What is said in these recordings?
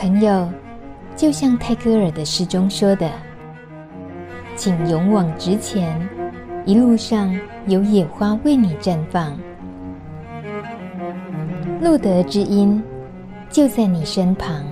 朋友，就像泰戈爾的詩中說的，請勇往直前，一路上有野花為你綻放，露德知音就在你身旁。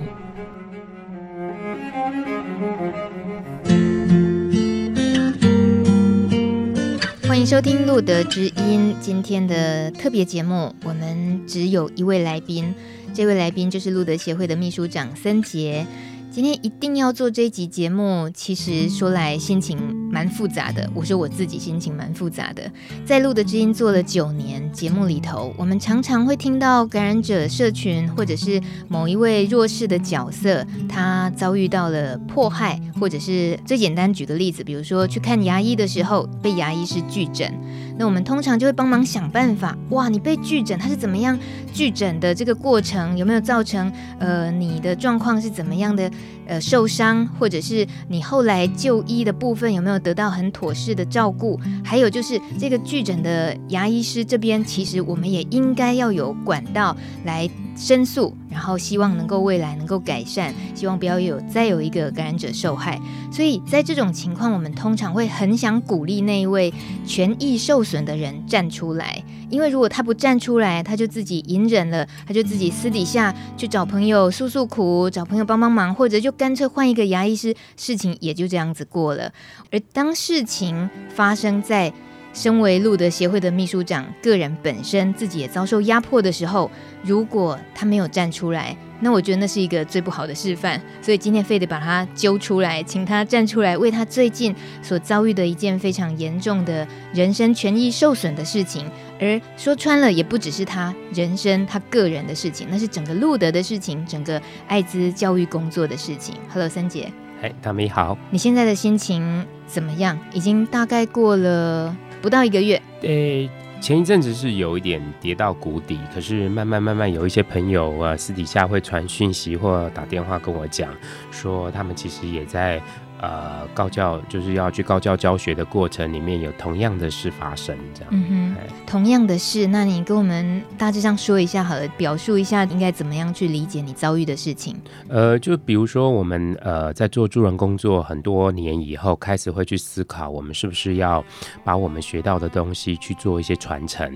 歡迎收聽露德知音今天的特別節目，我們只有一位來賓。這位來賓就是露德協會的秘書長森杰，今天一定要做這一集節目，其實說來心情蠻複雜的，我說我自己心情蠻複雜的。在露德知音做了九年節目裡頭，我們常常會聽到感染者社群，或者是某一位弱勢的角色，他遭遇到了迫害，或者是最簡單舉個例子，比如說去看牙醫的時候被牙醫師拒診，那我們通常就會幫忙想辦法。哇，你被拒診，他是怎麼樣拒診的？這個過程有沒有造成呃你的狀況是怎麼樣的？呃受傷，或者是你後來就醫的部分有沒有？得到很妥適的照顧，還有就是這個拒診的牙醫師這邊，其實我們也應該要有管道來申訴。然後希望能夠未來能夠改善，希望不要有再有一個感染者受害。所以在這種情況，我們通常會很想鼓勵那一位權益受損的人站出來，因為如果他不站出來，他就自己隱忍了，他就自己私底下去找朋友訴訴苦，找朋友幫幫忙，或者就乾脆換一個牙醫師，事情也就這樣子過了。而當事情發生在……身為路德協會的秘書長，個人本身自己也遭受壓迫的時候，如果他沒有站出來，那我覺得那是一個最不好的示範。所以今天非得把他揪出來，請他站出來，為他最近所遭遇的一件非常嚴重的人身權益受損的事情。而說穿了，也不只是他人生他個人的事情，那是整個路德的事情，整個艾滋教育工作的事情。Hello，森杰，嗨，大咪好，你現在的心情怎麼樣？已經大概過了。不到一個月，呃、欸，前一陣子是有一點跌到谷底，可是慢慢慢慢有一些朋友啊，私底下會傳訊息或打電話跟我講，說他們其實也在。呃，高教，就是要去高教教學的過程裡面有同樣的事發生，這樣。嗯哼，同樣的事，那你跟我們大致上說一下，好了，表述一下應該怎麼樣去理解你遭遇的事情。呃，就比如說我們呃在做助人工作很多年以後，開始會去思考，我們是不是要把我們學到的東西去做一些傳承。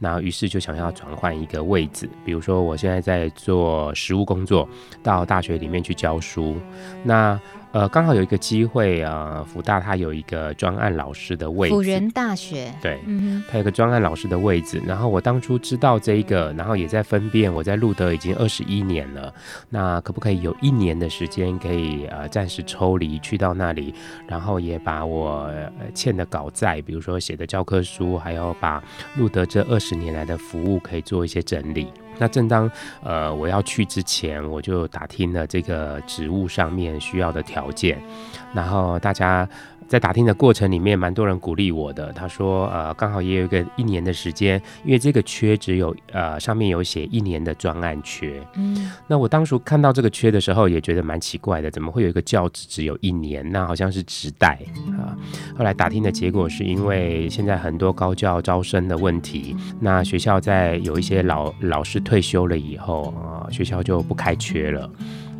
那於是就想要轉換一個位置，比如說我現在在做實務工作，到大學裡面去教書，那。呃，剛好有一個機會啊，呃，輔大它有一個專案老師的位置。輔仁大學對，它有個專案老師的位置、嗯。然後我當初知道這個，然後也在分辨，我在路德已經二十一年了，那可不可以有一年的時間可以呃暫時抽離去到那裡，然後也把我欠的稿債，比如說寫的教科書，還有把路德這二十年來的服務可以做一些整理。那正當呃，我要去之前，我就打聽了這個職務上面需要的條件，然後大家。在打聽的過程裡面，蠻多人鼓勵我的。他說：“呃，剛好也有一個一年的時間，因為這個缺只有呃上面有寫一年的專案缺。嗯”那我當時看到這個缺的時候，也覺得蠻奇怪的，怎麼會有一個教職只有一年？那好像是職代啊、呃。後來打聽的結果是因為現在很多高教招生的問題，那學校在有一些老老師退休了以後啊、呃，學校就不開缺了。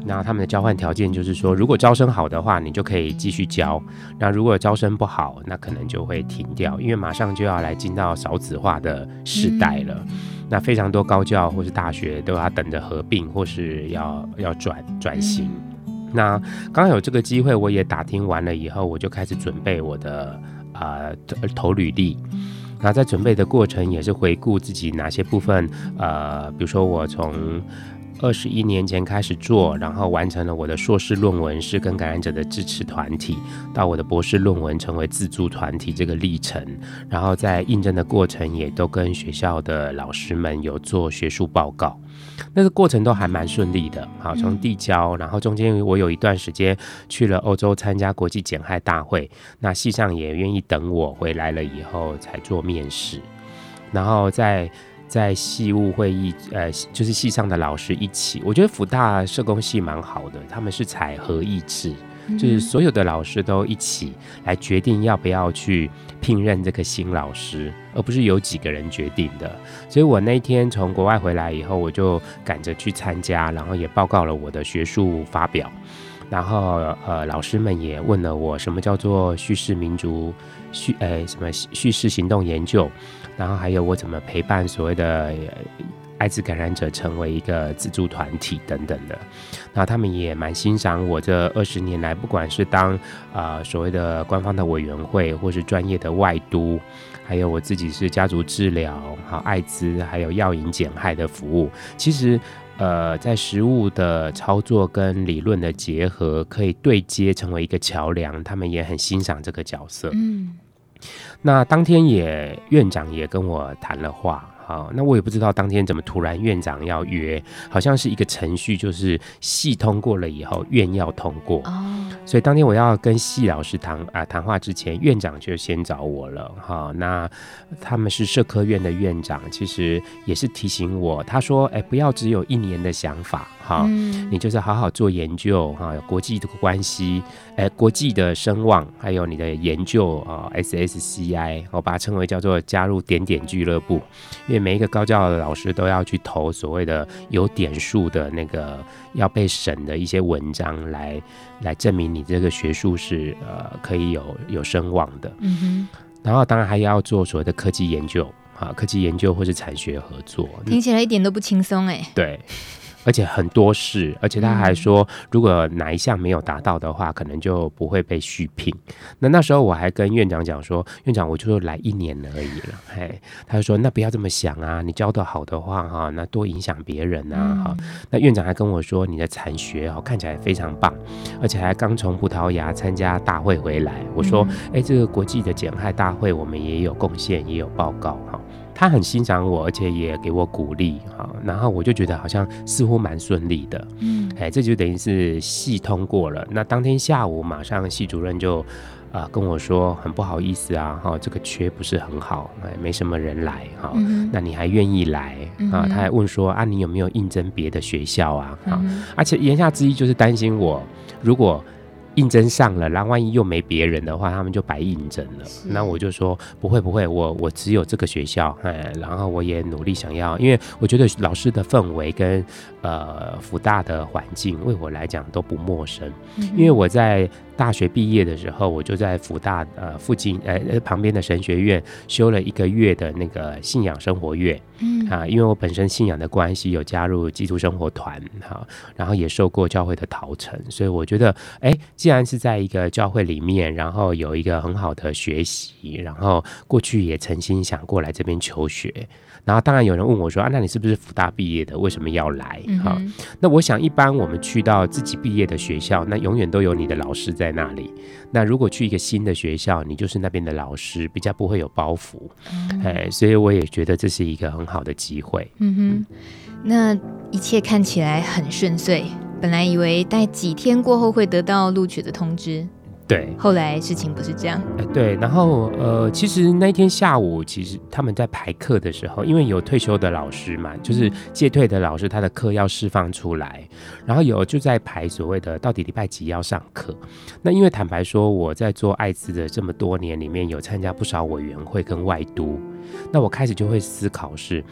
那他們的交換條件就是說，如果招生好的話，你就可以繼續教；那如果招生不好，那可能就會停掉，因為馬上就要來進到少子化的時代了。嗯、那非常多高教或是大學都要等着合併或是要要轉轉型。那剛有這個機會，我也打聽完了以後，我就開始準備我的啊投、呃、投履歷。那在準備的過程也是回顧自己哪些部分，呃，比如說我從。二十一年前開始做，然後完成了我的碩士論文是跟感染者的支持團體，到我的博士論文成為自助團體這個歷程，然後在應徵的過程也都跟學校的老師們有做學術報告，那個過程都還蠻順利的。好，從遞交，然後中間我有一段時間去了歐洲參加國際減害大會，那系上也願意等我回來了以後才做面試，然後在。在系務會議，呃，就是系上的老師一起，我覺得輔大社工系蠻好的，他們是採合議制，就是所有的老師都一起來決定要不要去聘任這個新老師，而不是由幾個人決定的。所以我那天從國外回來以後，我就趕着去參加，然後也報告了我的學術發表，然後呃，老師們也問了我什麼叫做敘事民族敘呃、欸、什麼敘事行動研究。然後還有我怎麼陪伴所謂的艾滋感染者成為一個自助團體等等的，那他們也蠻欣賞我這二十年來，不管是當啊、呃、所謂的官方的委員會，或是專業的外督，還有我自己是家族治療、好艾滋還有藥癮減害的服務，其實呃在實務的操作跟理論的結合，可以對接成為一個橋樑，他們也很欣賞這個角色。嗯。那當天也院長也跟我談了話，好、哦，那我也不知道當天怎麼突然院長要約，好像是一個程序，就是系通過了以後院要通過。Oh. 所以當天我要跟系老師談啊談話之前，院長就先找我了哈。那他們是社科院的院長，其實也是提醒我，他說：“哎、欸，不要只有一年的想法哈、嗯，你就是好好做研究哈。有國際的關係，哎、欸，國際的聲望，還有你的研究啊、喔，SSCI，我把它稱為叫做加入點點俱樂部，因為每一個高教的老師都要去投所謂的有點數的那個要被審的一些文章來。”來證明你這個學術是呃可以有有聲望的、嗯哼，然後當然還要做所謂的科技研究啊，科技研究或是產學合作，聽起來一點都不輕鬆哎、欸，對。而且很多事，而且他還說，嗯、如果哪一項沒有達到的話，可能就不會被續聘。那那時候我還跟院長講說，院長，我就來一年而已了，嘿，他就說那不要這麼想啊，你教得好的話哈、啊，那多影響別人啊哈、嗯。那院長還跟我說，你的產學哦看起來非常棒，而且還剛從葡萄牙參加大會回來。我說，誒、嗯欸，這個國際的減害大會我們也有貢獻，也有報告。他很欣賞我，而且也給我鼓勵，哈。然後我就覺得好像似乎蠻順利的，嗯，哎，這就等於是系通過了。那當天下午，馬上系主任就，啊、呃、跟我說很不好意思啊，哈，這個缺不是很好，哎，沒什麼人來，哈、嗯。那你還願意來啊、嗯？他還問說啊，你有沒有應徵別的學校啊？哈、嗯，而且言下之意就是擔心我，如果。應徵上了，然後萬一又沒別人的話，他們就白應徵了。那我就說不會不會，我我只有這個學校，嗯，然後我也努力想要，因為我覺得老師的氛圍跟呃輔大的環境為我來講都不陌生，嗯、因為我在。大學畢業的時候，我就在輔大呃附近呃旁邊的神學院修了一個月的那個信仰生活月，嗯啊，因為我本身信仰的關係，有加入基督生活團哈、啊，然後也受過教會的陶成，所以我覺得，誒、欸，既然是在一個教會裡面，然後有一個很好的學習，然後過去也曾經想過來這邊求學。然後當然有人問我說：“啊，那你是不是輔大畢業的？為什麼要來？哈、嗯啊？那我想一般我們去到自己畢業的學校，那永遠都有你的老師在那裡。那如果去一個新的學校，你就是那邊的老師，比較不會有包袱。嗯、哎，所以我也覺得這是一個很好的機會。嗯哼，那一切看起來很順遂。本來以為待幾天過後會得到錄取的通知。”對，後來事情不是這樣。呃、對，然後呃，其實那天下午，其實他們在排課的時候，因為有退休的老師嘛，就是屆退的老師，他的課要釋放出來，然後有就在排所謂的到底禮拜幾要上課。那因為坦白說，我在做愛滋的這麼多年裡面，有參加不少委員會跟外督，那我開始就會思考是。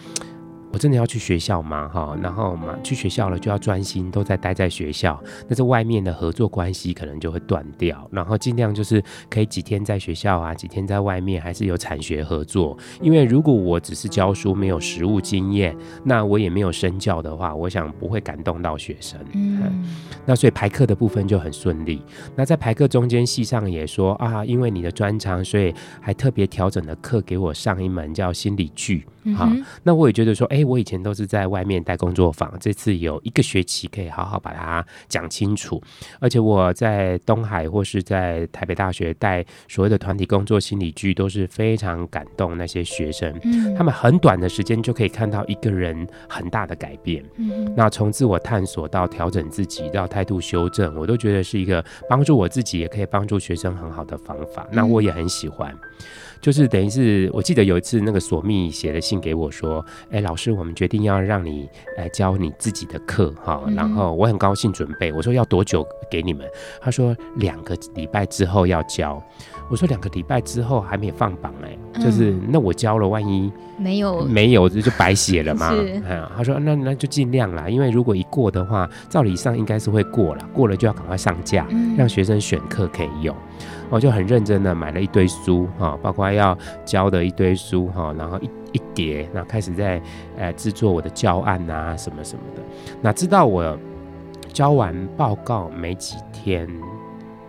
我真的要去學校嘛，哈，然後嘛，去學校了就要專心，都在待在學校。那這外面的合作關係可能就會斷掉。然後盡量就是可以幾天在學校啊，幾天在外面，還是有產學合作。因為如果我只是教書，沒有實務經驗，那我也沒有身教的話，我想不會感動到學生。嗯，嗯，那所以排課的部分就很順利。那在排課中間，系上也說啊，因為你的專長，所以還特別調整了課給我上一門叫心理劇。哈、嗯。那我也覺得說，哎、欸。欸，我以前都是在外面帶工作坊，這次有一個學期可以好好把它講清楚。而且我在東海或是在台北大學帶所謂的團體工作心理劇，都是非常感動那些學生。嗯，他們很短的時間就可以看到一個人很大的改變。嗯。那從自我探索到調整自己，到態度修正，我都覺得是一個幫助我自己，也可以幫助學生很好的方法。嗯，那我也很喜歡。就是等於是，我記得有一次那個索密寫了信給我，說：“哎、欸，老師，我們決定要讓你來教你自己的課，哈、嗯。然後我很高興準備，我說要多久給你們？他說兩個禮拜之後要交。我說兩個禮拜之後還沒有放榜、欸，哎、嗯，就是那我交了，萬一沒有沒有就就白寫了嘛。是、嗯、他說那那就盡量啦，因為如果一過的話，照理上應該是會過了，過了就要趕快上架，嗯、讓學生選課可以用。”我就很認真地買了一堆書哈，包括要教的一堆書哈，然後一一疊，然後開始在呃制作我的教案吶、啊、什麼什麼的。那知道我交完報告沒幾天、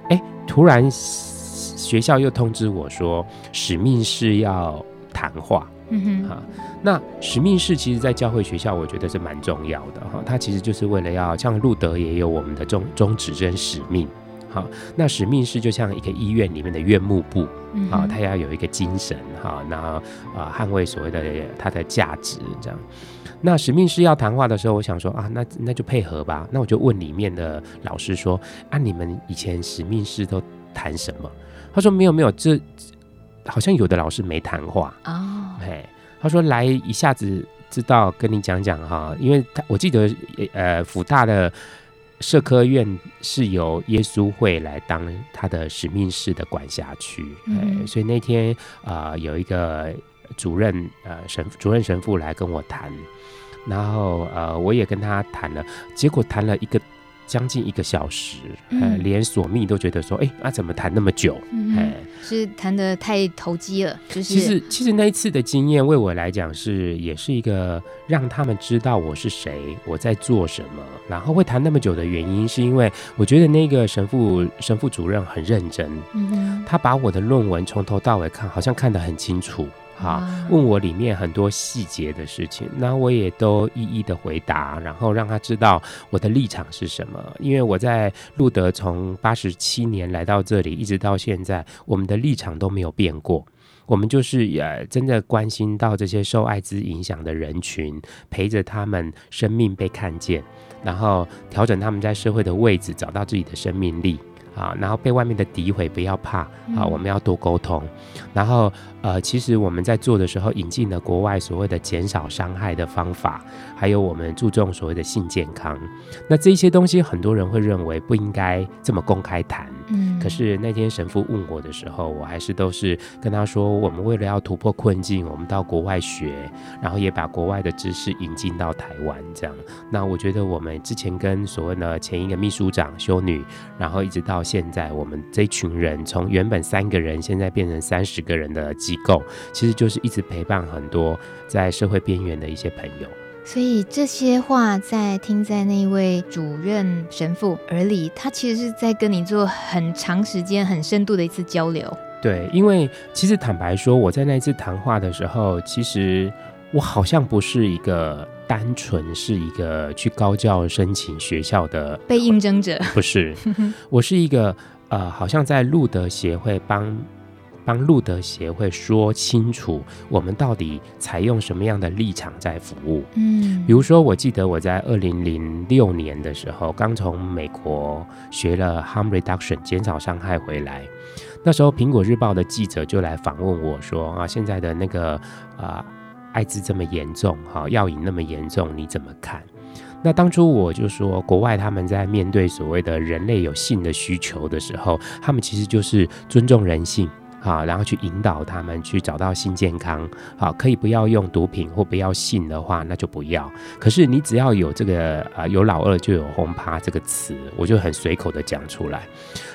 欸，突然學校又通知我說使命是要談話。嗯哼，哈、啊，那使命是其實在教會學校我覺得是蠻重要的哈，它、哦、其實就是為了要像露德也有我們的宗宗旨跟使命。好，那使命室就像一個醫院裡面的院牧部，啊、嗯哦，他要有一個精神，哈，那、呃、啊捍衛所謂的他的價值這樣。那使命室要談話的時候，我想說啊，那那就配合吧。那我就問裡面的老師說，啊，你們以前使命室都談什麼？他說沒有沒有，這好像有的老師沒談話哦，嘿，他說來一下子知道跟你講講哈，因為他我記得呃，輔大的。社科院是由耶穌會來當他的使命式的管轄區，所以那天啊，呃，有一個主任呃神主任神父來跟我談，然後呃我也跟他談了，結果談了一個。將近一個小時，嗯呃，連索密都覺得說：“哎、欸，那、啊、怎麼談那麼久？”嗯、是談得太投機了。就是其實其實那一次的經驗，為我來講是也是一個讓他們知道我是誰，我在做什麼。然後會談那麼久的原因，是因為我覺得那個神父神父主任很認真，嗯哼，他把我的論文從頭到尾看，好像看得很清楚。啊！問我裡面很多細節的事情，那我也都一一的回答，然後讓他知道我的立場是什麼。因為我在路德從八十七年來到這裡，一直到現在，我們的立場都沒有變過。我們就是也、呃、真的關心到這些受艾滋影響的人群，陪着他們生命被看見，然後調整他們在社會的位置，找到自己的生命力。啊，然後被外面的詆毀不要怕啊！我們要多溝通、嗯，然後。呃，其實我們在做的時候，引進了國外所謂的減少傷害的方法，還有我們注重所謂的性健康。那這些東西，很多人會認為不應該這麼公開談。嗯，可是那天神父問我的時候，我還是都是跟他說，我們為了要突破困境，我們到國外學，然後也把國外的知識引進到台灣，這樣。那我覺得，我們之前跟所謂的前一個秘書長修女，然後一直到現在，我們這一群人從原本三個人，現在變成三十個人的。機構其實就是一直陪伴很多在社會邊緣的一些朋友，所以這些話在聽在那位主任神父耳裡，他其實是在跟你做很長時間、很深度的一次交流。對，因為其實坦白說，我在那一次談話的時候，其實我好像不是一個單純是一個去高教申請學校的被應徵者，不是， 我是一個呃，好像在路德協會幫。幫露德協會說清楚，我們到底採用什麼樣的立場在服務？嗯，比如說，我記得我在二零零六年的時候，剛從美國學了 harm reduction 減少傷害回來，那時候《蘋果日報》的記者就來訪問我說：“啊，現在的那個啊、呃，艾滋這麼嚴重，哈、啊，藥癮那麼嚴重，你怎麼看？”那當初我就說，國外他們在面對所謂的人類有性的需求的時候，他們其實就是尊重人性。啊，然後去引導他們去找到性健康。好，可以不要用毒品或不要性的話，那就不要。可是你只要有這個啊、呃，有老二就有“轟趴”這個詞，我就很隨口的講出來。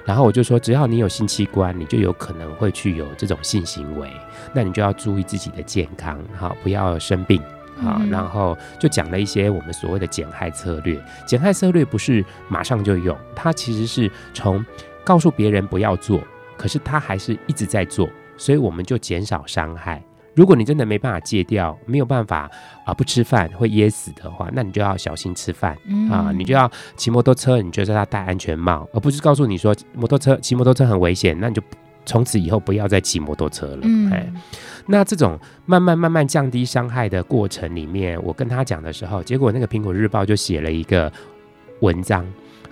然後我就說，只要你有性器官，你就有可能會去有這種性行為，那你就要注意自己的健康，好，不要生病。好，mm -hmm. 然後就講了一些我們所謂的減害策略。減害策略不是馬上就用，它其實是從告訴別人不要做。可是他還是一直在做，所以我們就減少傷害。如果你真的沒辦法戒掉，沒有辦法啊、呃，不吃飯會噎死的話，那你就要小心吃飯啊、嗯呃，你就要騎摩托車，你就叫他戴安全帽，而不是告訴你說摩托車騎摩托車很危險，那你就從此以後不要再騎摩托車了、嗯嘿。那這種慢慢慢慢降低傷害的過程裡面，我跟他講的時候，結果那個蘋果日報就寫了一個文章。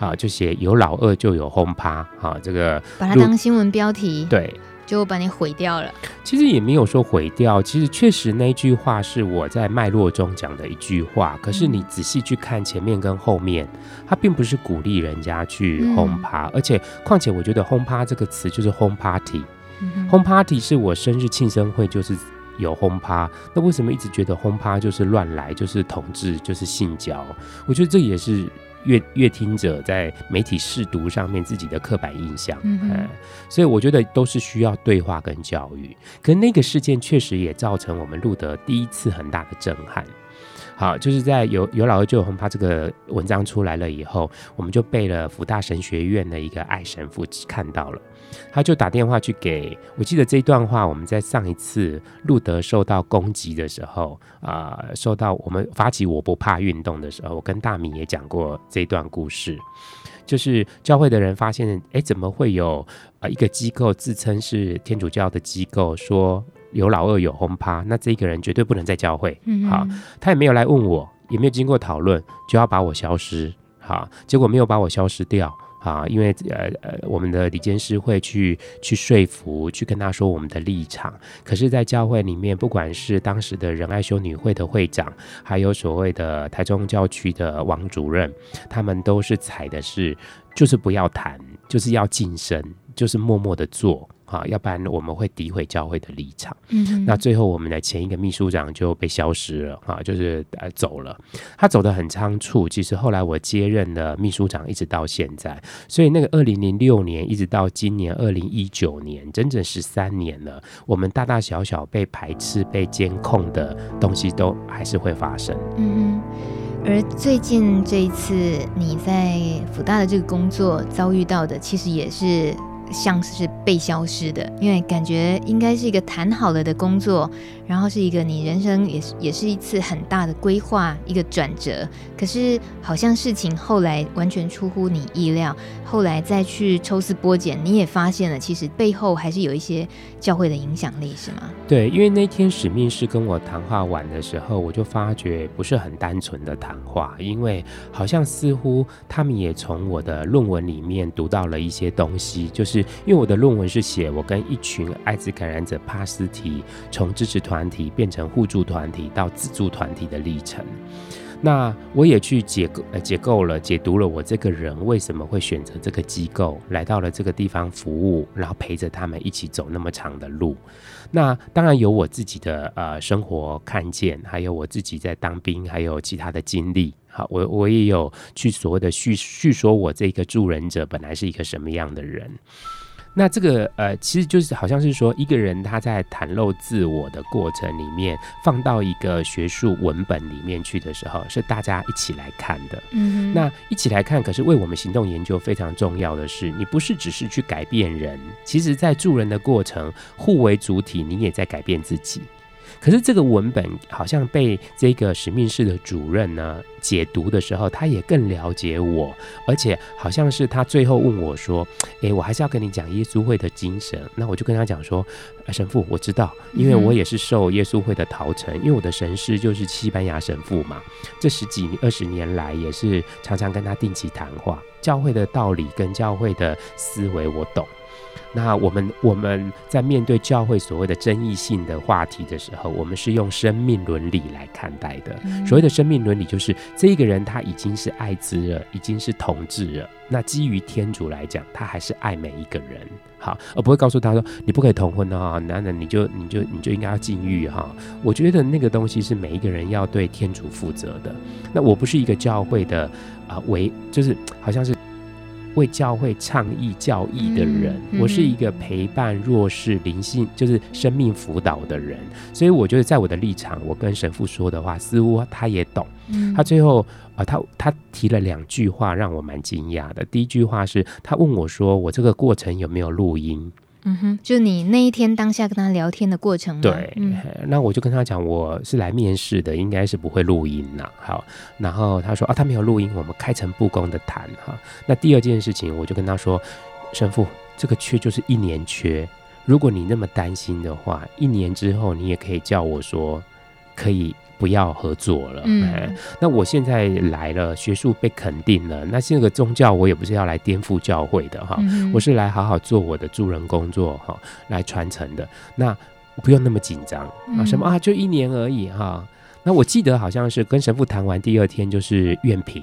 啊，就寫有老二就有轟趴啊，這個把它當新聞標題，對，就把你毀掉了。其實也沒有說毀掉，其實確實那一句話是我在脈絡中講的一句話。可是你仔細去看前面跟後面，嗯、它並不是鼓勵人家去轟趴、嗯，而且況且我覺得轟趴這個詞就是轟 party、嗯。轟 party 是我生日慶生會就是有轟趴，那為什麼一直覺得轟趴就是亂來，就是同志，就是性交？我覺得這也是。閱閱聽者在媒體識讀上面自己的刻板印象，嗯，嗯，所以我覺得都是需要對話跟教育。可那個事件確實也造成我們露德第一次很大的震撼。好，就是在有有老師就恐怕這個文章出來了以後，我們就被了輔大神學院的一個愛神父看到了。他就打電話去給我，記得這一段話，我們在上一次路德受到攻擊的時候，啊、呃，受到我們發起我不怕運動的時候，我跟大米也講過這一段故事，就是教會的人發現，誒、欸，怎麼會有啊、呃、一個機構自稱是天主教的機構，說有老二有轟趴，那這個人絕對不能再教會，嗯，嗯，好，他也沒有來問我，也沒有經過討論，就要把我消失，好，結果沒有把我消失掉。啊，因為呃呃，我們的理監事會去去說服，去跟他說我們的立場。可是，在教會裡面，不管是當時的仁愛修女會的會長，還有所謂的台中教區的王主任，他們都是踩的是，就是不要談，就是要噤聲，就是默默地做。啊，要不然我們會詆毀教會的立場。嗯，那最後我們的前一個秘書長就被消失了，啊，就是呃走了。他走得很倉促。其實後來我接任了秘書長，一直到現在。所以那個二零零六年一直到今年二零一九年，整整十三年了，我們大大小小被排斥、被監控的東西都還是會發生。嗯，而最近這一次你在輔大的這個工作遭遇到的，其實也是。像是被消失的，因為感覺應該是一個談好了的工作。然後是一個你人生也是也是一次很大的規劃一個轉折，可是好像事情後來完全出乎你意料。後來再去抽絲剝繭，你也發現了，其實背後還是有一些教會的影響力，是嗎？對，因為那天使命是跟我談話完的時候，我就發覺不是很單純的談話，因為好像似乎他們也從我的論文裡面讀到了一些東西，就是因為我的論文是寫我跟一群艾滋感染者帕斯提從支持團體變成互助團體到自助團體的歷程，那我也去解構、解、呃、構了解讀了我這個人為什麼會選擇這個機構，來到了這個地方服務，然後陪着他們一起走那麼長的路。那當然有我自己的呃生活看見，還有我自己在當兵，還有其他的經歷。好，我我也有去所謂的敘敘說，我這個助人者本來是一個什麼樣的人。那這個呃，其實就是好像是說，一個人他在袒露自我的過程裡面，放到一個學術文本裡面去的時候，是大家一起來看的。嗯，那一起來看，可是為我們行動研究非常重要的是，你不是只是去改變人，其實在助人的過程，互為主體，你也在改變自己。可是這個文本好像被這個使命室的主任呢解讀的時候，他也更了解我，而且好像是他最後問我說：“誒、欸，我還是要跟你講耶穌會的精神。”那我就跟他講說：“神父，我知道，因為我也是受耶穌會的陶成，因為我的神師就是西班牙神父嘛。這十幾二十年來也是常常跟他定期談話，教會的道理跟教會的思維我懂。”那我們我們在面對教會所謂的爭議性的話題的時候，我們是用生命倫理來看待的。嗯、所謂的生命倫理，就是這一個人他已經是艾滋了，已經是同志了。那基於天主來講，他還是愛每一個人，好，而不會告訴他說你不可以同婚的、哦、哈，男人你就你就你就應該要禁欲哈、哦。我覺得那個東西是每一個人要對天主負責的。那我不是一個教會的啊，為、呃、就是好像是。為教會倡議教義的人，我是一個陪伴弱勢靈性，就是生命輔導的人，所以我覺得在我的立場，我跟神父說的話，似乎他也懂。他最後啊、呃，他他提了兩句話，讓我蠻驚訝的。第一句話是他問我說，我這個過程有沒有錄音。嗯哼，就你那一天當下跟他聊天的過程、啊，對、嗯，那我就跟他講，我是來面試的，應該是不會錄音了、啊、好，然後他說啊，他沒有錄音，我們開誠布公的談哈。那第二件事情，我就跟他說，神父，這個缺就是一年缺，如果你那麼擔心的話，一年之後你也可以叫我說可以。不要合作了。嗯、欸，那我現在來了，學術被肯定了。那這個宗教我也不是要來顛覆教會的哈、嗯嗯，我是來好好做我的助人工作哈，來傳承的。那不用那麼緊張啊，什麼啊，就一年而已哈。那我記得好像是跟神父談完第二天就是院評。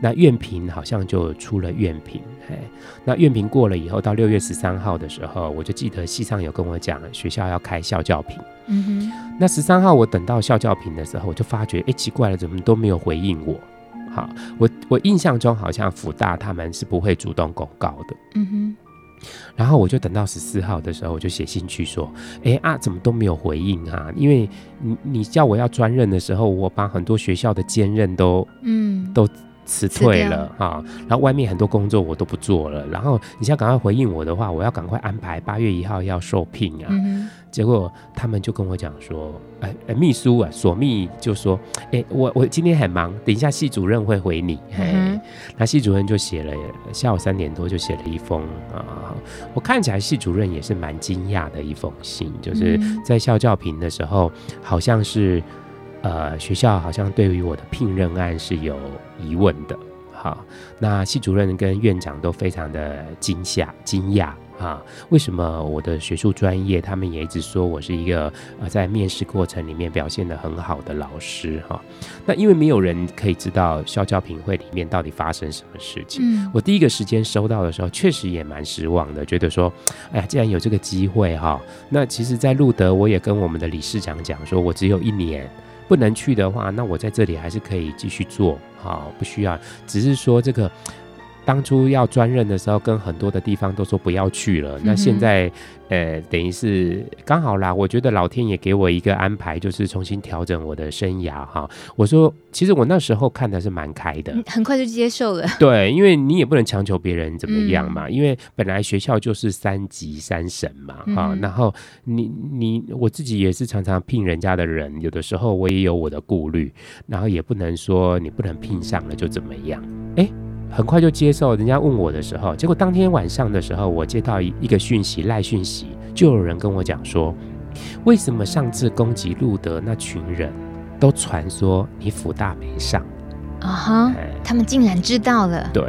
那院評好像就出了院評，嘿，那院評過了以後，到六月十三號的時候，我就記得系上有跟我講學校要開校教評，嗯哼。那十三號我等到校教評的時候，我就發覺，哎、欸，奇怪了，怎麼都沒有回應我？好，我我印象中好像輔大他們是不會主動公告的，嗯哼。然後我就等到十四號的時候，我就寫信去說，哎、欸、啊，怎麼都沒有回應啊？因為你你叫我要專任的時候，我把很多學校的兼任都，嗯，都。辭退了啊、哦，然後外面很多工作我都不做了。然後你現在趕快回應我的話，我要趕快安排八月一號要受聘啊、嗯。結果他們就跟我講說：“哎、欸欸、祕書啊，所秘就說：‘哎、欸，我我今天很忙，等一下系主任會回你。欸嗯’”那系主任就寫了下午三點多就寫了一封啊、哦，我看起來系主任也是蠻驚訝的一封信，就是在校教評的時候，好像是、嗯、呃學校好像對於我的聘任案是有疑問的，哈，那系主任跟院長都非常的驚嚇、驚訝哈、啊，為什麼我的學術專業，他們也一直說我是一個呃，在面試過程裡面表現得很好的老師哈、啊？那因為沒有人可以知道校教評會裡面到底發生什麼事情。嗯、我第一個時間收到的時候，確實也蠻失望的，覺得說，哎呀，既然有這個機會哈、啊，那其實，在露德我也跟我們的理事長講，說我只有一年。不能去的話，那我在這裡還是可以繼續做，好，不需要，只是說這個。當初要專任的時候，跟很多的地方都說不要去了。嗯、那現在，呃，等於是剛好啦。我覺得老天也給我一個安排，就是重新調整我的生涯哈。我說，其實我那時候看的是蠻開的，很快就接受了。對，因為你也不能強求別人怎麼樣嘛、嗯。因為本來學校就是三級三審嘛，哈、嗯。然後你你我自己也是常常聘人家的人，有的時候我也有我的顧慮，然後也不能說你不能聘上了就怎麼樣。欸很快就接受人家問我的時候，結果當天晚上的時候，我接到一一個訊息，賴訊息，就有人跟我講說，為什麼上次攻擊路德那群人都傳說你輔大沒上？啊、uh、哈 -huh，哎，他們竟然知道了。對，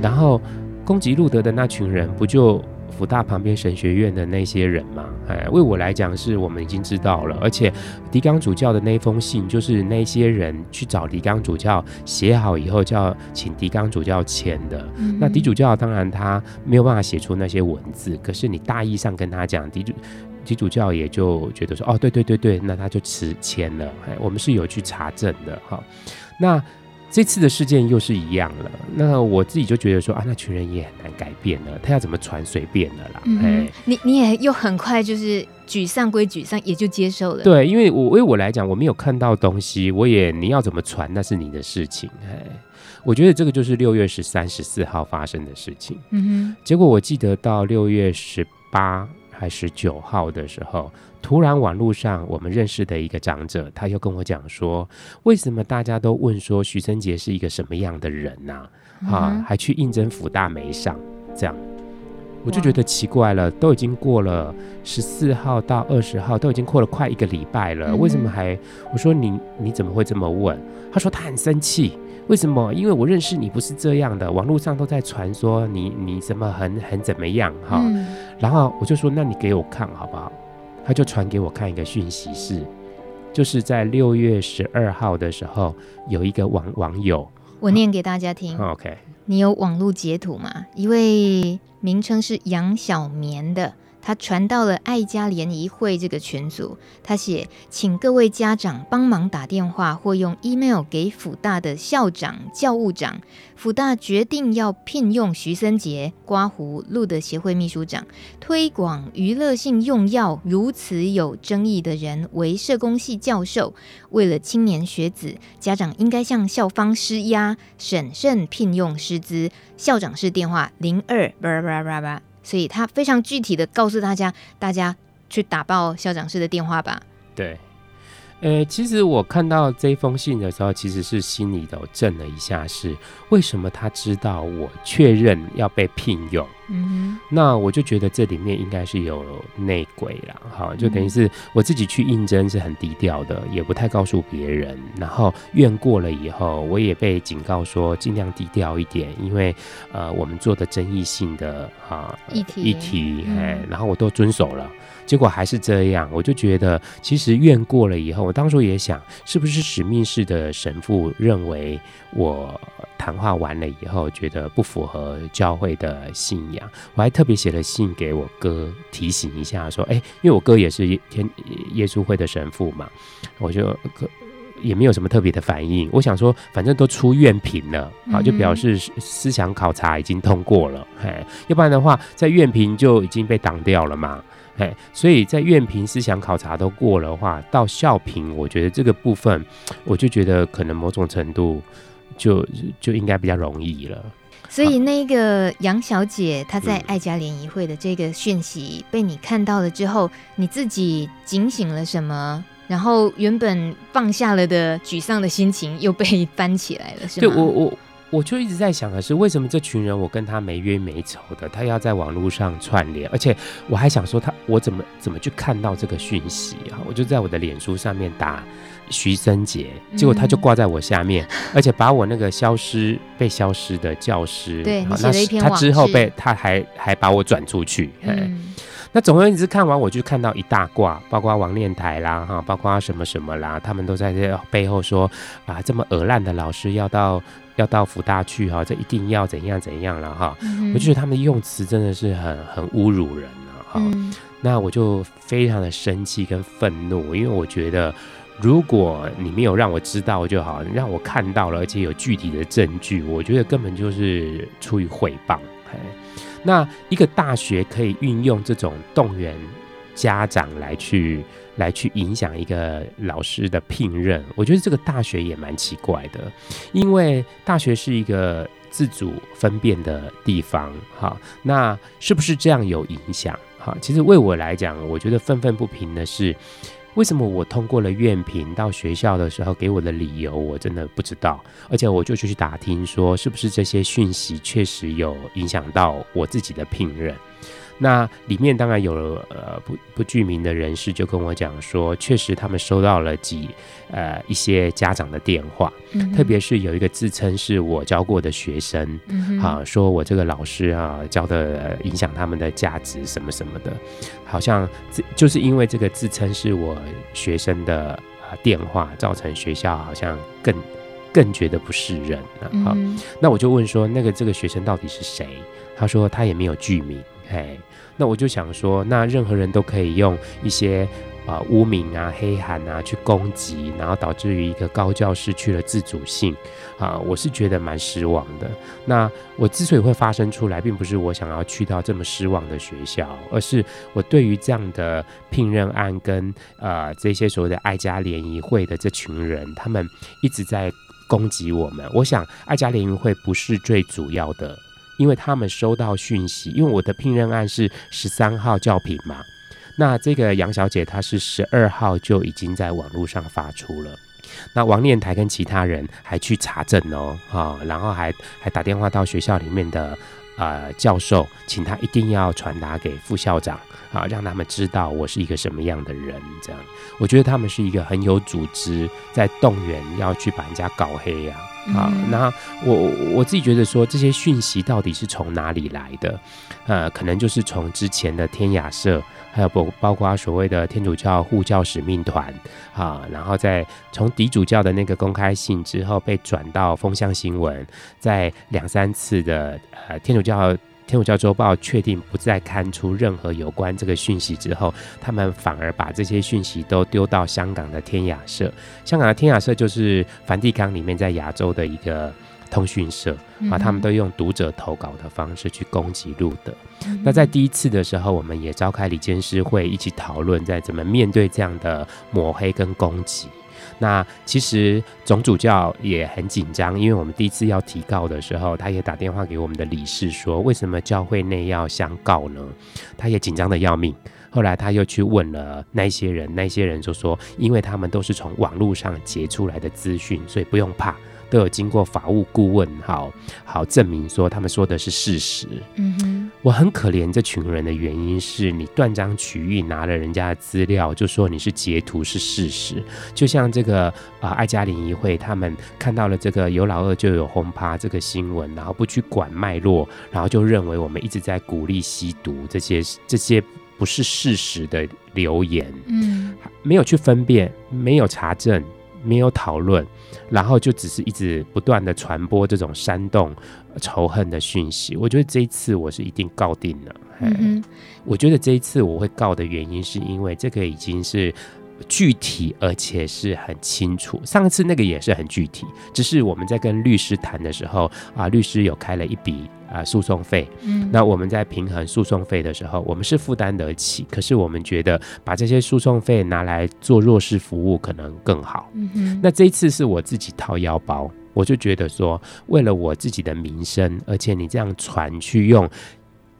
然後攻擊路德的那群人不就？輔大旁邊神學院的那些人嘛，哎，為我來講是我們已經知道了，而且狄剛主教的那封信就是那些人去找狄剛主教寫好以後，叫請狄剛主教簽的。嗯嗯，那狄主教當然他沒有辦法寫出那些文字，可是你大意上跟他講，狄主狄主教也就覺得說，哦，對對對對，那他就辭簽了。哎，我們是有去查證的哈。那這次的事件又是一樣了，那我自己就覺得說啊，那群人也很難改變了，他要怎麼傳隨便的啦。嗯、嘿你你也又很快就是沮喪歸沮喪，也就接受了。對，因為我為我來講，我沒有看到東西，我也你要怎麼傳那是你的事情嘿。我覺得這個就是六月十三、十四號發生的事情。嗯哼，結果我記得到六月十八還十九號的時候。突然，網絡上我們認識的一個長者，他又跟我講說：“為什麼大家都問說徐森杰是一個什麼樣的人呢、啊？哈、啊嗯，還去應徵輔大沒上，這樣，我就覺得奇怪了。都已經過了十四號到二十號，都已經過了快一個禮拜了，為什麼還？我說你你怎麼會這麼問？嗯、他說他很生氣，為什麼？因為我認識你不是這樣的，網絡上都在傳說你你什麼很很怎麼樣哈、啊嗯。然後我就說，那你給我看好不好？”他就傳給我看一個訊息是，是就是在六月十二號的時候，有一個網網友，我念給大家聽。哦、OK，你有網路截圖嗎？一位名稱是楊小棉的。他傳到了愛家聯誼會這個群組，他寫，請各位家長幫忙打電話或用 email 給輔大的校長、教務長。輔大決定要聘用徐森杰，刮胡露德協會秘書長，推廣娛樂性用藥如此有爭議的人為社工系教授。為了青年學子，家長應該向校方施壓，審慎聘用師資。校長室電話：零二。所以他非常具體的告訴大家，大家去打爆校長室的電話吧。對，呃，其實我看到這封信的時候，其實是心裡頭震了一下是，是為什麼他知道我確認要被聘用？嗯哼，那我就覺得這裡面應該是有內鬼了，哈，就等於是我自己去應徵是很低調的，嗯，也不太告訴別人。然後院過了以後，我也被警告說盡量低調一點，因為呃，我們做的爭議性的哈，啊，議題，議題，哎，然後我都遵守了，嗯，結果還是這樣。我就覺得，其實院過了以後，我當初也想，是不是使命式的神父認為我談話完了以後，覺得不符合教會的信仰。我還特別寫了信給我哥提醒一下，說：“哎、欸，因為我哥也是天耶穌會的神父嘛，我就可也沒有什麼特別的反應。我想說，反正都出院評了啊，就表示思想考察已經通過了。嗯嗯嘿，要不然的話，在院評就已經被擋掉了嘛。嘿，所以在院評思想考察都過了的話，到校評，我覺得這個部分，我就覺得可能某種程度就就應該比較容易了。”所以那個楊小姐她在愛家聯誼會的這個訊息被你看到了之後，你自己警醒了什麼？然後原本放下了的沮喪的心情又被翻起來了，是嗎？對，我，我。我就一直在想的是，為什麼這群人我跟他沒冤沒仇的，他要在網絡上串聯？而且我還想說，他我怎麼怎麼去看到這個訊息啊？我就在我的臉書上面打徐森杰，結果他就掛在我下面，而且把我那個消失被消失的教師，對，那他之後被他還還把我轉出去。那總而言之看完我就看到一大掛，包括王念台啦，哈，包括什麼什麼啦，他們都在這背後說啊，這麼惡爛的老師要到。要到輔大去哈，這一定要怎樣怎樣了哈、嗯。我覺得他們的用詞真的是很很侮辱人啊。哈、嗯。那我就非常的生氣跟憤怒，因為我覺得如果你沒有讓我知道就好，讓我看到了而且有具體的證據，我覺得根本就是出於誹謗。那一個大學可以運用這種動員家長來去。來去影響一個老師的聘任，我覺得這個大學也蠻奇怪的，因為大學是一個自主分辨的地方，哈，那是不是這樣有影響？哈，其實為我來講，我覺得憤憤不平的是，為什麼我通過了院評到學校的時候給我的理由，我真的不知道，而且我就去去打聽說是不是這些訊息確實有影響到我自己的聘任。那裡面當然有呃不不具名的人士就跟我講說，確實他們收到了幾呃一些家長的電話，嗯、特別是有一個自稱是我教過的學生、嗯，啊，說我這個老師啊教的影響他們的價值什麼什麼的，好像就是因為這個自稱是我學生的啊、呃、電話，造成學校好像更更覺得不適任了哈。那我就問說，那個這個學生到底是誰？他說他也沒有具名，哎。那我就想說，那任何人都可以用一些啊、呃、污名啊、黑函啊去攻擊，然後導致於一個高教失去了自主性啊、呃，我是覺得蠻失望的。那我之所以會發聲出來，並不是我想要去到這麼失望的學校，而是我對於這樣的聘任案跟啊、呃、這些所謂的愛家聯誼會的這群人，他們一直在攻擊我們。我想愛家聯誼會不是最主要的。因為他們收到訊息，因為我的聘任案是十三號教評嘛，那這個楊小姐她是十二號就已經在網絡上發出了，那王念台跟其他人還去查證哦，哈、哦，然後還還打電話到學校裡面的。呃，教授，請他一定要傳達給副校長啊、呃，讓他們知道我是一個什麼樣的人。這樣，我覺得他們是一個很有組織，在動員要去把人家搞黑呀。啊，那、呃嗯、我我自己覺得說，這些訊息到底是從哪裡來的？呃，可能就是從之前的天涯社。還有包包括所謂的天主教護教使命團啊，然後在從敵主教的那個公開信之後被轉到風向新聞，在兩三次的呃天主教天主教週報確定不再刊出任何有關這個訊息之後，他們反而把這些訊息都丟到香港的天亞社。香港的天亞社就是梵蒂岡裡面在亞洲的一個。通訊社啊、嗯，他們都用讀者投稿的方式去攻擊路德、嗯。那在第一次的時候，我們也召開理監事會一起討論在怎麼面對這樣的抹黑跟攻擊。那其實總主教也很緊張，因為我們第一次要提告的時候，他也打電話給我們的理事說：“為什麼教會內要相告呢？”他也緊張得要命。後來他又去問了那些人，那些人就說：“因為他們都是從網絡上截出來的資訊，所以不用怕。”都有經過法務顧問，好好證明說他們說的是事實。嗯，我很可憐這群人的原因是，你斷章取義拿了人家的資料，就說你是截圖是事實。就像這個啊，愛家聯誼會他們看到了這個有老二就有轟趴這個新聞，然後不去管脈絡，然後就認為我們一直在鼓勵吸毒這些這些不是事實的留言，嗯，沒有去分辨，沒有查證。沒有討論，然後就只是一直不斷地傳播這種煽動仇恨的訊息。我覺得這一次我是一定告定了。嗯，我覺得這一次我會告的原因，是因為這個已經是。具體而且是很清楚，上次那個也是很具體，只是我們在跟律師談的時候啊、呃，律師有開了一筆啊、呃、訴訟費，嗯，那我們在平衡訴訟費的時候，我們是負擔得起，可是我們覺得把這些訴訟費拿來做弱勢服務可能更好，嗯哼，那這一次是我自己掏腰包，我就覺得說為了我自己的名聲，而且你這樣傳去用。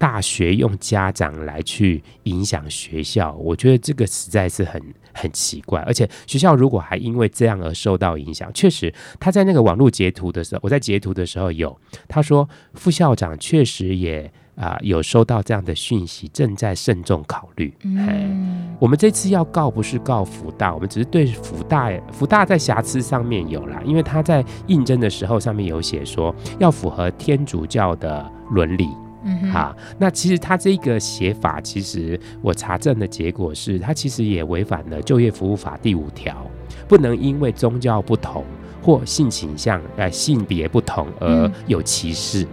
大學用家長來去影響學校，我覺得這個實在是很很奇怪。而且學校如果還因為這樣而受到影響，確實他在那個網絡截圖的時候，我在截圖的時候有他說副校長確實也啊、呃、有收到這樣的訊息，正在慎重考慮、嗯。嗯，我們這次要告不是告輔大，我們只是對輔大輔大，在瑕疵上面有啦，因為他在應徵的時候上面有寫說要符合天主教的倫理。嗯哈、啊，那其實他這個寫法，其實我查證的結果是，他其實也違反了就業服務法第五條，不能因為宗教不同或性傾向、呃性別不同而有歧視。嗯、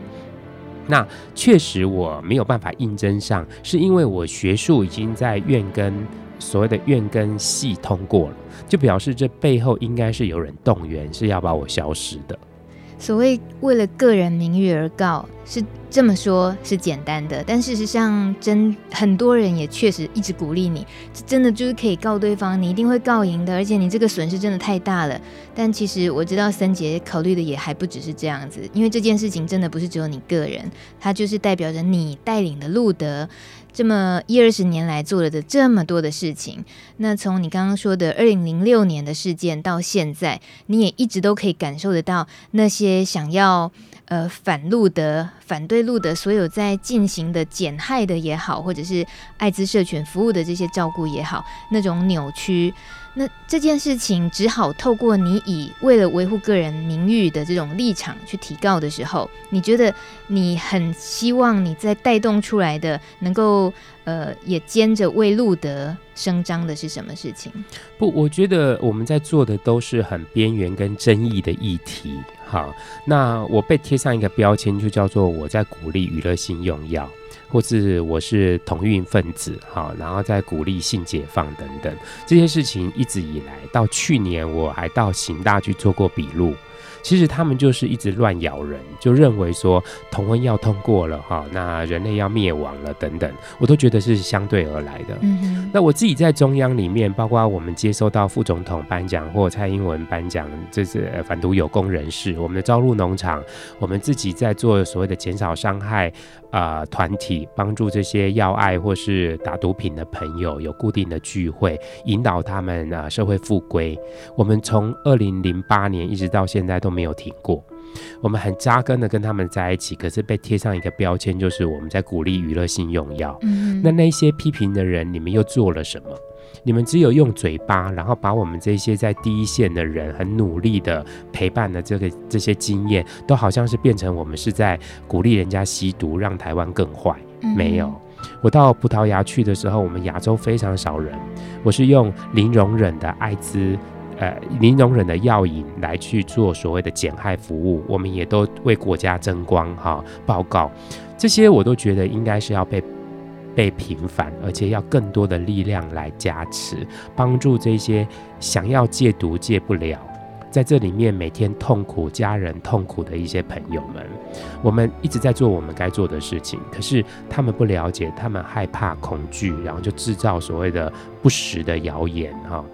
那確實我沒有辦法應徵上，是因為我學術已經在院跟所謂的院跟系通過了，就表示這背後應該是有人動員是要把我消失的。所謂為了個人名譽而告，是這麼說，是簡單的。但事實上，真很多人也確實一直鼓勵你，這真的就是可以告對方，你一定會告贏的。而且你這個損失真的太大了。但其實我知道森杰考慮的也還不只是這樣子，因為這件事情真的不是只有你個人，它就是代表着你帶領的露德。這麼一二十年來做了的這麼多的事情，那從你剛剛說的二零零六年的事件到現在，你也一直都可以感受得到那些想要呃反露的、反對露的所有在進行的減害的也好，或者是艾滋社群服務的這些照顧也好，那種扭曲。那這件事情只好透過你以為了維護個人名譽的這種立場去提告的時候，你覺得你很希望你在帶動出來的能夠呃也兼着為露德聲張的是什麼事情？不，我覺得我們在做的都是很邊緣跟爭議的議題。哈，那我被貼上一個標籤就叫做我在鼓勵娛樂性用藥。或是我是同運分子，好，然後在鼓勵性解放等等這些事情，一直以來到去年，我還到刑大去做過筆錄。其實他們就是一直亂咬人，就認為說同婚要通過了哈，那人類要滅亡了等等，我都覺得是相對而來的。嗯哼，那我自己在中央裡面，包括我們接收到副總統頒獎或蔡英文頒獎，這、就是、呃、反毒有功人士。我們的招募農場，我們自己在做所謂的減少傷害團、呃、體，幫助這些要愛或是打毒品的朋友有固定的聚會，引導他們啊、呃、社會復歸。我們從二零零八年一直到現在都。都沒有停過，我們很扎根的跟他們在一起，可是被貼上一個標籤，就是我們在鼓勵娛樂性用藥。嗯嗯。那那些批評的人，你們又做了什麼？你們只有用嘴巴，然後把我們這些在第一線的人很努力的陪伴的這個這些經驗，都好像是變成我們是在鼓勵人家吸毒，讓台灣更壞。嗯嗯。沒有，我到葡萄牙去的時候，我們亞洲非常少人，我是用零容忍的艾滋。呃，零容忍的藥癮，來去做所謂的減害服務，我們也都為國家爭光哈、哦。報告這些，我都覺得應該是要被被平反，而且要更多的力量來加持，幫助這些想要戒毒戒不了，在這裡面每天痛苦、家人痛苦的一些朋友們，我們一直在做我們該做的事情。可是他們不了解，他們害怕、恐懼，然後就制造所謂的不實的謠言哈。哦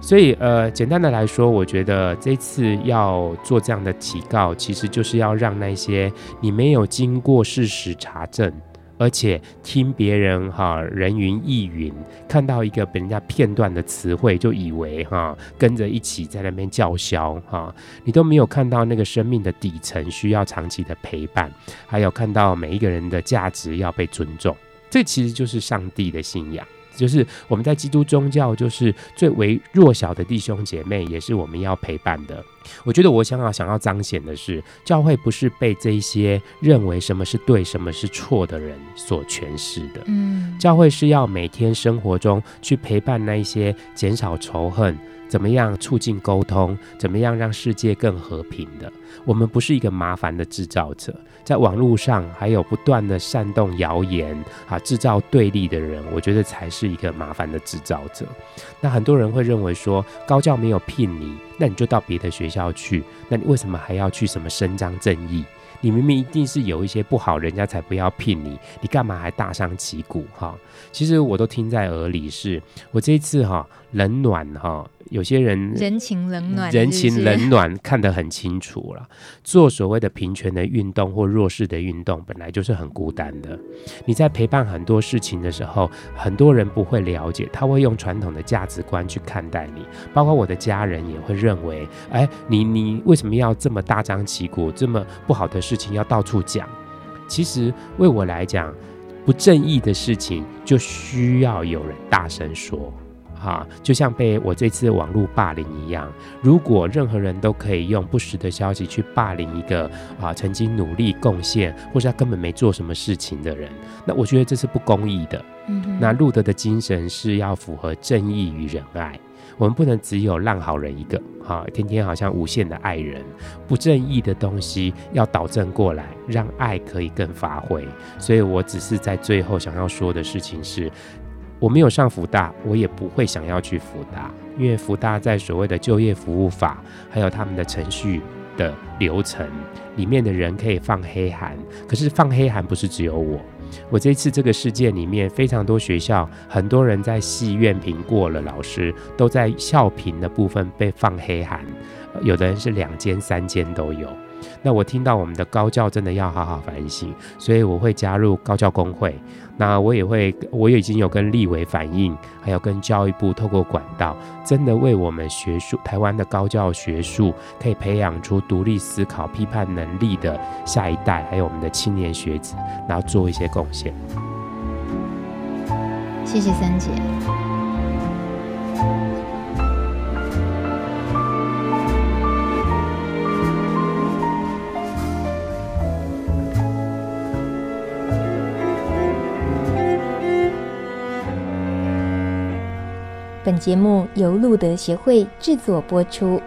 所以，呃，簡單的來說，我覺得這次要做這樣的提告，其實就是要讓那些你沒有經過事實查證，而且聽別人哈人云亦云，看到一個別人家片段的詞彙，就以為哈跟着一起在那邊叫囂哈，你都沒有看到那個生命的底層需要長期的陪伴，還有看到每一個人的價值要被尊重，這其實就是上帝的信仰。就是我們在基督宗教，就是最為弱小的弟兄姐妹，也是我們要陪伴的。我覺得，我想要、啊、想要彰顯的是，教會不是被這一些認為什麼是對、什麼是錯的人所詮釋的。嗯，教會是要每天生活中去陪伴那一些減少仇恨。怎麼樣促進溝通？怎麼樣讓世界更和平的？我們不是一個麻煩的制造者，在網絡上還有不斷的煽動謠言啊，制造對立的人，我覺得才是一個麻煩的制造者。那很多人會認為說，高教沒有聘你，那你就到別的學校去，那你為什麼還要去什麼伸張正義？你明明一定是有一些不好，人家才不要聘你，你幹嘛還大張旗鼓哈？其實我都聽在耳裡是，是我這一次哈。冷暖哈、哦，有些人人情，是不是？人情冷暖，人情冷暖看得很清楚了。做所謂的平權的運動或弱勢的運動，本來就是很孤單的。你在陪伴很多事情的時候，很多人不會了解，他會用傳統的價值觀去看待你。包括我的家人也會認為，哎、欸，你你為什麼要這麼大張旗鼓，這麼不好的事情要到處講？其實為我來講，不正義的事情就需要有人大聲說。哈、啊，就像被我這次的網絡霸凌一樣，如果任何人都可以用不實的消息去霸凌一個啊曾經努力貢獻，或是他根本沒做什麼事情的人，那我覺得這是不公義的。嗯，那路德的精神是要符合正義與仁愛，我們不能只有濫好人一個，哈、啊，天天好像無限的愛人，不正義的東西要導正過來，讓愛可以更發揮。所以我只是在最後想要說的事情是，我沒有上輔大，我也不會想要去輔大，因為輔大在所謂的就業服務法，還有他們的程序的流程裡面的人可以放黑函，可是放黑函不是只有我。我這次這個事件裡面非常多學校，很多人在系院評過了，老師都在校評的部分被放黑函，有的人是兩間三間都有。那我聽到我們的高教真的要好好反省，所以我會加入高教工會。那我也會，我也已經有跟立委反映，還有跟教育部透過管道，真的為我們學術台灣的高教學術，可以培養出獨立思考、批判能力的下一代，還有我們的青年學子，然後做一些貢獻。謝謝三姐。本節目由露德協會製作播出。